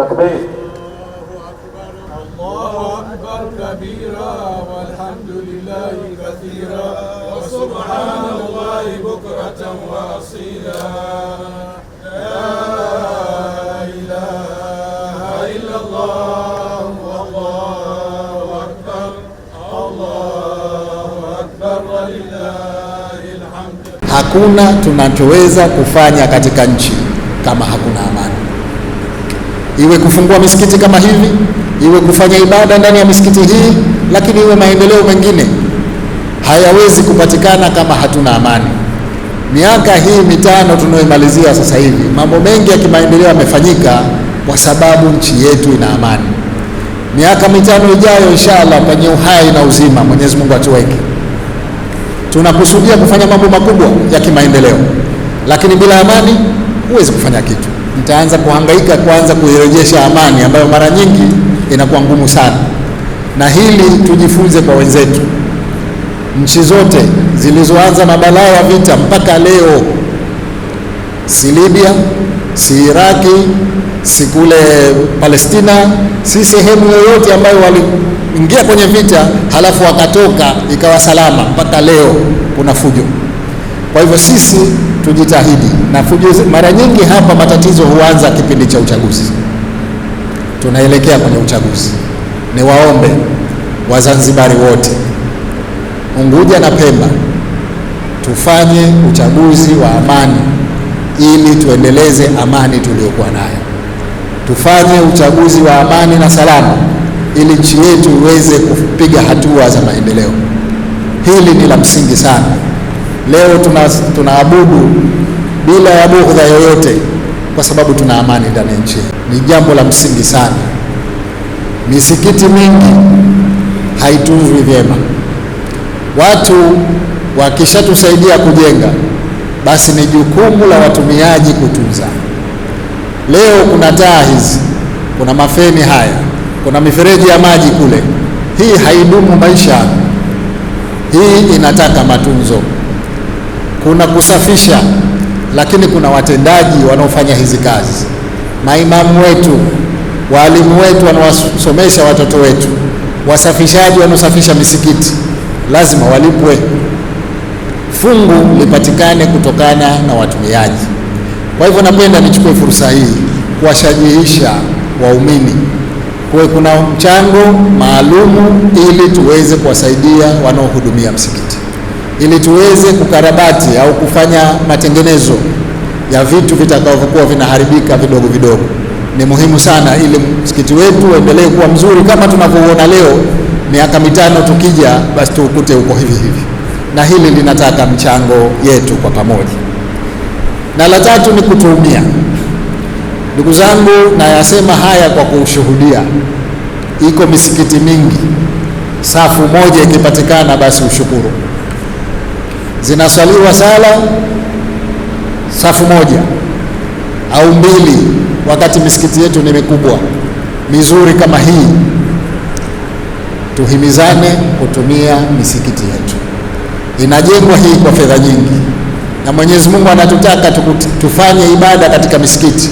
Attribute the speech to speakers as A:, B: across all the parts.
A: takbir.
B: Allahu akbar kabira walhamdulillahi kathira wa subhanallahi bukratan wa asila
C: Hakuna tunachoweza kufanya katika nchi kama hakuna iwe kufungua misikiti kama hivi, iwe kufanya ibada ndani ya misikiti hii, lakini iwe maendeleo mengine, hayawezi kupatikana kama hatuna amani. Miaka hii mitano tunayoimalizia sasa hivi, mambo mengi ya kimaendeleo yamefanyika kwa sababu nchi yetu ina amani. Miaka mitano ijayo, inshallah, penye uhai na uzima, Mwenyezi Mungu atuweke. Tunakusudia kufanya mambo makubwa ya kimaendeleo, lakini bila amani huwezi kufanya kitu mtaanza kuhangaika kwanza kuirejesha amani ambayo mara nyingi inakuwa ngumu sana, na hili tujifunze kwa wenzetu. Nchi zote zilizoanza na balaa ya vita mpaka leo, si Libya, si Iraki, si kule Palestina, si sehemu yoyote ambayo waliingia kwenye vita halafu wakatoka ikawa salama, mpaka leo kuna fujo. Kwa hivyo sisi tujitahidi na fujo. Mara nyingi hapa matatizo huanza kipindi cha uchaguzi, tunaelekea kwenye uchaguzi. Niwaombe Wazanzibari wote Unguja na Pemba tufanye uchaguzi wa amani ili tuendeleze amani tuliyokuwa nayo. Tufanye uchaguzi wa amani na salama ili nchi yetu iweze kupiga hatua za maendeleo. Hili ni la msingi sana. Leo tunaabudu tuna bila ya bughudha yoyote, kwa sababu tuna amani ndani ya nchi. Ni jambo la msingi sana. Misikiti mingi haitunzwi vyema. Watu wakishatusaidia kujenga, basi ni jukumu la watumiaji kutunza. Leo kuna taa hizi, kuna mafeni haya, kuna mifereji ya maji kule. Hii haidumu maisha, hii inataka matunzo kuna kusafisha, lakini kuna watendaji wanaofanya hizi kazi, maimamu wetu, waalimu wetu wanawasomesha watoto wetu, wasafishaji wanaosafisha misikiti, lazima walipwe. Fungu lipatikane kutokana na watumiaji. Kwa hivyo, napenda nichukue fursa hii kuwashajihisha waumini kuwe kuna mchango maalumu ili tuweze kuwasaidia wanaohudumia msikiti ili tuweze kukarabati au kufanya matengenezo ya vitu vitakavyokuwa vinaharibika vidogo vidogo. Ni muhimu sana ili msikiti wetu uendelee kuwa mzuri kama tunavyoona leo. Miaka mitano tukija, basi tuukute huko hivi hivi, na hili linataka mchango yetu kwa pamoja. Na la tatu ni kutuumia. Ndugu zangu, nayasema haya kwa kushuhudia Iko misikiti mingi, safu moja ikipatikana, basi ushukuru zinaswaliwa sala safu moja au mbili, wakati misikiti yetu ni mikubwa mizuri kama hii. Tuhimizane kutumia misikiti yetu, inajengwa hii kwa fedha nyingi, na Mwenyezi Mungu anatutaka tufanye ibada katika misikiti.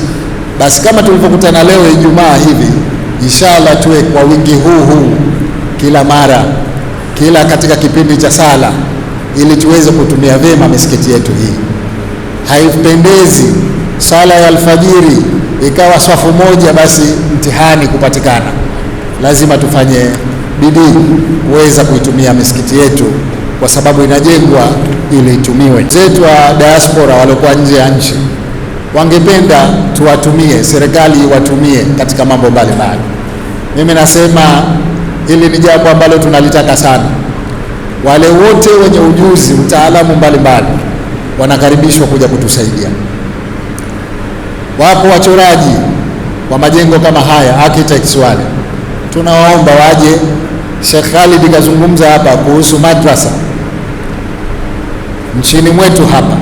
C: Basi kama tulivyokutana leo Ijumaa hivi, inshallah tuwe kwa wingi huu huu, kila mara, kila katika kipindi cha sala ili tuweze kutumia vyema misikiti yetu hii. Haipendezi sala ya alfajiri ikawa swafu moja basi mtihani kupatikana. Lazima tufanye bidii kuweza kuitumia misikiti yetu, kwa sababu inajengwa ili itumiwe. Zetu wa diaspora waliokuwa nje ya nchi wangependa tuwatumie, serikali iwatumie katika mambo mbalimbali. Mimi nasema hili ni jambo ambalo tunalitaka sana wale wote wenye ujuzi, utaalamu mbalimbali wanakaribishwa kuja kutusaidia. Wapo wachoraji wa majengo kama haya, architects wale tunawaomba waje. Sheikh Khalid kazungumza hapa kuhusu madrasa nchini mwetu hapa.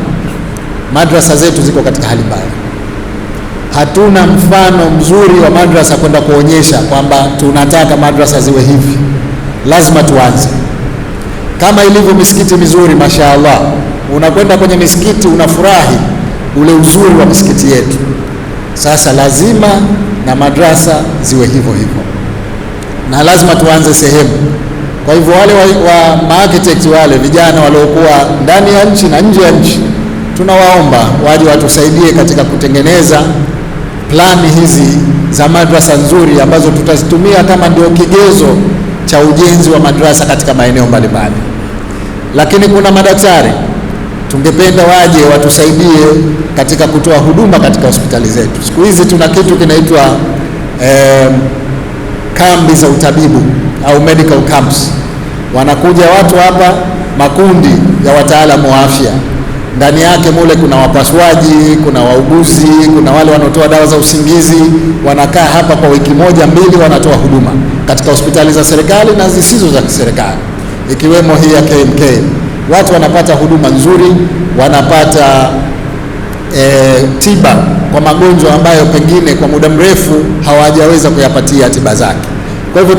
C: Madrasa zetu ziko katika hali mbaya, hatuna mfano mzuri wa madrasa kwenda kuonyesha kwamba tunataka madrasa ziwe hivi. Lazima tuanze kama ilivyo misikiti mizuri mashaallah. Unakwenda kwenye misikiti unafurahi ule uzuri wa misikiti yetu. Sasa lazima na madrasa ziwe hivyo hivyo, na lazima tuanze sehemu. Kwa hivyo wale wa, wa maarchitect wale vijana waliokuwa ndani ya nchi na nje ya nchi, tunawaomba waje watusaidie katika kutengeneza plani hizi za madrasa nzuri ambazo tutazitumia kama ndio kigezo cha ujenzi wa madrasa katika maeneo mbalimbali. Lakini kuna madaktari tungependa waje watusaidie katika kutoa huduma katika hospitali zetu. Siku hizi tuna kitu kinaitwa eh, kambi za utabibu au medical camps. Wanakuja watu hapa, makundi ya wataalamu wa afya ndani yake mule kuna wapasuaji, kuna wauguzi, kuna wale wanaotoa dawa za usingizi. Wanakaa hapa kwa wiki moja mbili, wanatoa huduma katika hospitali za serikali na zisizo za kiserikali, ikiwemo hii ya KMK. Watu wanapata huduma nzuri, wanapata e, tiba kwa magonjwa ambayo pengine kwa muda mrefu hawajaweza kuyapatia tiba zake. Kwa hivyo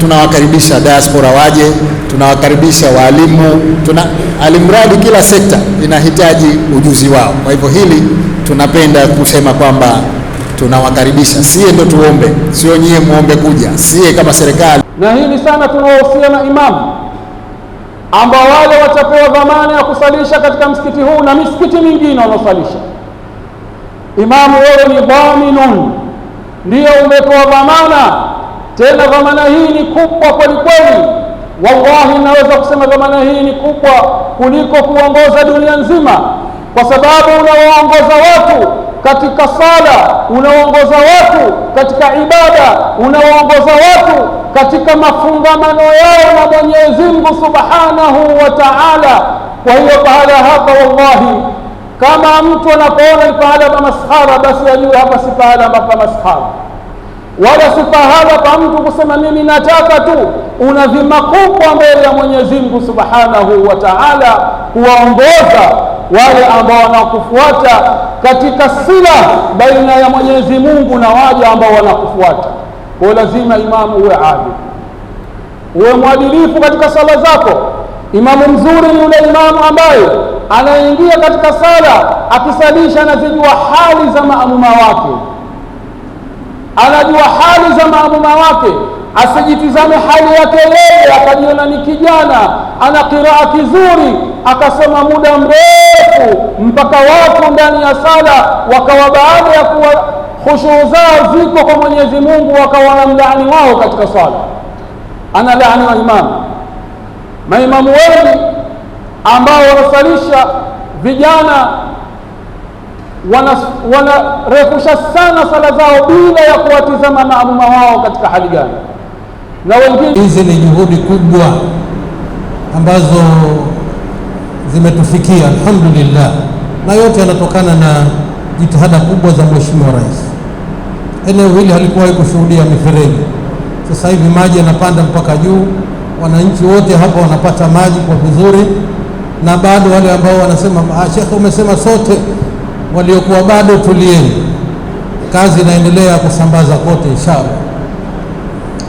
C: tunawakaribisha tuna diaspora waje, tunawakaribisha waalimu, tuna alimradi kila sekta inahitaji ujuzi wao. Kwa hivyo hili tunapenda kusema kwamba tunawakaribisha, siye ndo tuombe, sio nyie muombe kuja, siye kama
D: serikali. Na hili sana tunawahusia na imamu ambao wale watapewa dhamana ya kusalisha katika msikiti huu na misikiti mingine wanaosalisha. Imamu wewe ni dhaminun, ndio umepewa dhamana tena dhamana hii ni kubwa kwelikweli, wallahi, naweza kusema dhamana hii ni kubwa kuliko kuongoza dunia nzima, kwa sababu unawaongoza watu katika sala, unawaongoza watu katika ibada, unawaongoza watu katika mafungamano yao na Mwenyezi Mungu Subhanahu wa Ta'ala. Kwa hiyo pahala hapa, wallahi, kama mtu anapoona ni pahala pa maskhara, basi ajue hapa si pahala pa maskhara wala sufahawa kwa mtu kusema mimi nataka tu. Una dhima kubwa mbele ya Mwenyezi Mungu Subhanahu wa Ta'ala, kuwaongoza wale ambao wanakufuata katika sila baina ya Mwenyezi Mungu na waja ambao wanakufuata. Kwa lazima imamu uwe adil, uwe mwadilifu katika sala zako. Imamu mzuri ni yule imamu ambaye anaingia katika sala akisalisha, anazijua hali za maamuma wake anajua hali za maamuma wake, asijitizame hali yake yeye akajiona ni kijana ana kiraa kizuri, akasoma muda mrefu mpaka watu ndani ya sala wakawa baada ya kuwa khushuu zao ziko kwa Mwenyezi Mungu wakawa na mlaani wao katika sala, ana laani wa Maimamu wengi ambao wanasalisha vijana wanarefusha sana sala zao bila ya kuwatizama maamuma wao katika hali
C: gani. Na wengine, hizi ni juhudi kubwa ambazo zimetufikia alhamdulillah, na yote yanatokana na jitihada kubwa za Mheshimiwa Rais. Eneo hili halikuwahi kushuhudia mifereji, sasa hivi maji yanapanda mpaka juu, wananchi wote hapa wanapata maji kwa vizuri, na bado wale ambao wanasema ah, shekhe, umesema sote waliokuwa bado tulieni, kazi inaendelea kusambaza kote inshallah.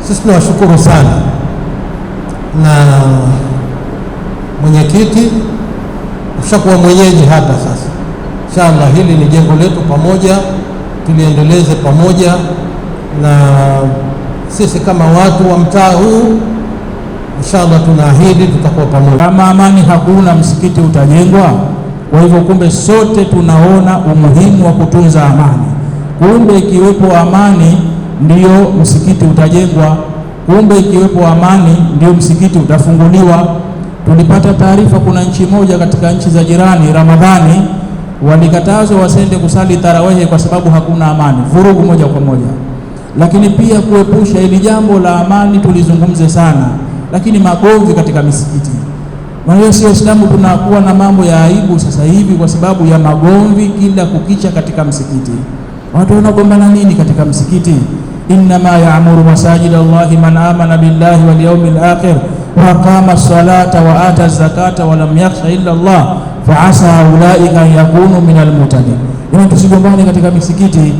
C: Sisi tunawashukuru sana na mwenyekiti ushakuwa mwenyeji hapa sasa. Inshallah, hili ni jengo letu pamoja, tuliendeleze pamoja, na sisi kama watu wa mtaa huu inshallah tunaahidi tutakuwa pamoja. Kama amani hakuna, msikiti utajengwa. Kwa hivyo, kumbe sote tunaona umuhimu wa kutunza amani. Kumbe ikiwepo amani ndiyo msikiti utajengwa, kumbe ikiwepo amani ndiyo msikiti utafunguliwa. Tulipata taarifa kuna nchi moja katika nchi za jirani, Ramadhani walikatazwa wasende kusali tarawehe kwa sababu hakuna amani, vurugu moja kwa moja. Lakini pia kuepusha ili jambo la amani tulizungumze sana, lakini magomvi katika misikiti maana si Waislamu tunakuwa na mambo ya aibu sasa hivi kwa sababu ya magomvi kila kukicha katika msikiti. Watu wanagombana nini katika msikiti? Innama yaamuru masajida Allahi man amana billahi wal yawmil akhir wa aqama salata wa ata zakata wa lam yakhsha illa Allah fa asa ulaika an yakunu minal muhtadin. Tusigombane katika
E: misikiti.